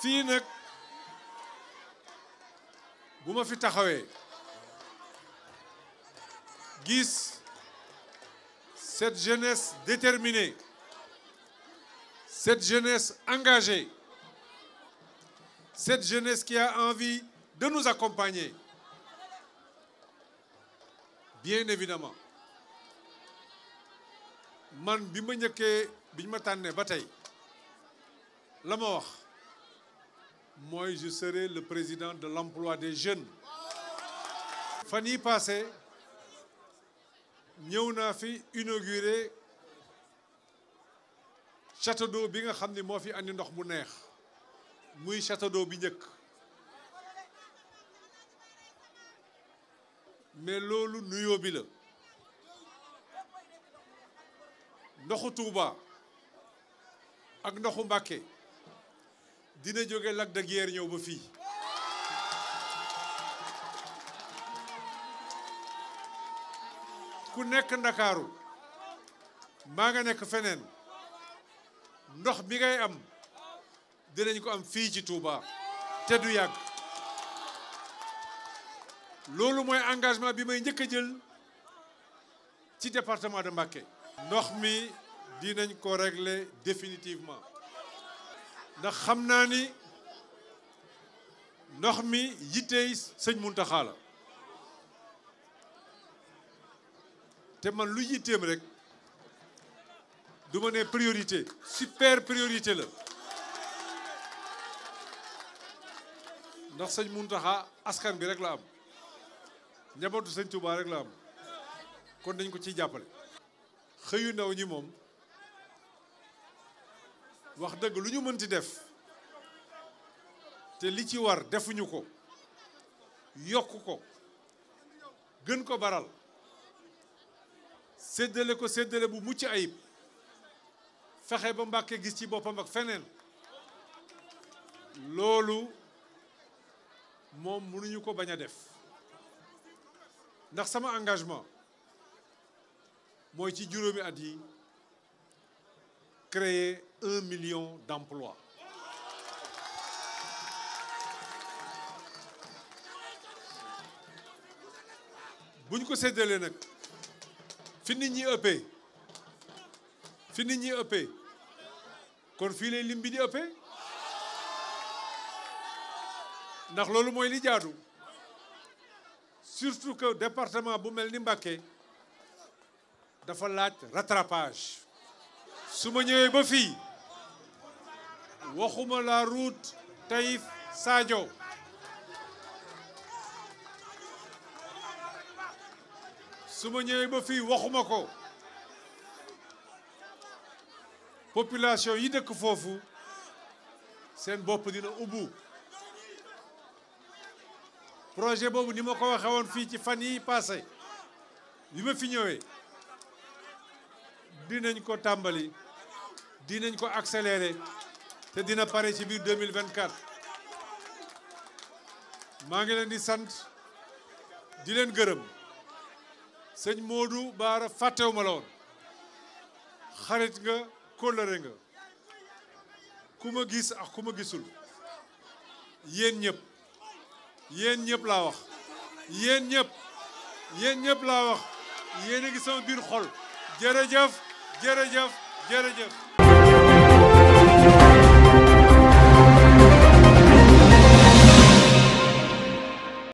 fii nag bu ma fi taxawee gis cette jeunesse déterminée cette jeunesse engagée cette jeunesse qui a envie de nous accompagner bien évidemment man bi ma njëkkee biñ ma tànnee ba tey la ma wax mooy je serai le président de l'emploi des jeunes fan yi passé ñëw naa fi inauguré château d'eau bi nga xam ni moo fi andi ndox mu neex muy château bi njëkk mais loolu nuyoo bi la ndoxu tuuba ak ndoxu Mbacké dina jóge Lac de ñëw ba fi ku nekk ndakaaru maa nga nekk feneen ndox mi ngay am dinañ ko am fi ci tuuba te du yàgg loolu mooy engagement bi may njëkk a jël ci département de Mbacké ndox mi dinañ ko régler définitivement ndax xam naa ni ndox mi yittey sëñ Muntaxa la te man lu yitteem rek du ne priorité super priorité la ndax sëñ Muntaxa askan bi rek la am njabootu sëñ Touba rek la am kon dañ ko ciy jàppale xëyu ndaw ñi moom wax dëgg lu ñu mënti def te li ci war defuñu ko yokk ko gën ko baral seddale ko séddale bu mucc ayib fexe ba Mbàkke gis ci boppam ak feneen loolu moom mënuñu ko bañ a def ndax sama engagement mooy ci juróomi at yi créer un million d'emplois. bu ñu ko séddalee nag fi nit ñi ëppee fi nit ñi ëppee kon fii lay lim bi di ëppee ndax loolu mooy li jaadu surtout que département bu mel ni Mbacké dafa laaj rattrapage su ma ñëwee ba fii waxuma la route Taïf saajo suma ma ñëwee ba fii waxuma ko population yi dëkk foofu seen bopp dina ubbu projet boobu ni ma ko waxee woon fii ci fan yi passé bi ma fi ñëwee dinañ ko tàmbali dinañ ko accélérer te dina pare ci biir 2024 maa ngi leen di sant di leen gërëm sëñ moodu Baara fàttewuma la woon xarit nga kóllëre nga ku ma gis ak ku ma gisul yéen ñëpp yéen ñëpp laa wax yéen ñëpp yéen ñëpp laa wax yéen a ngi biir xol jërëjëf jërëjëf jërëjëf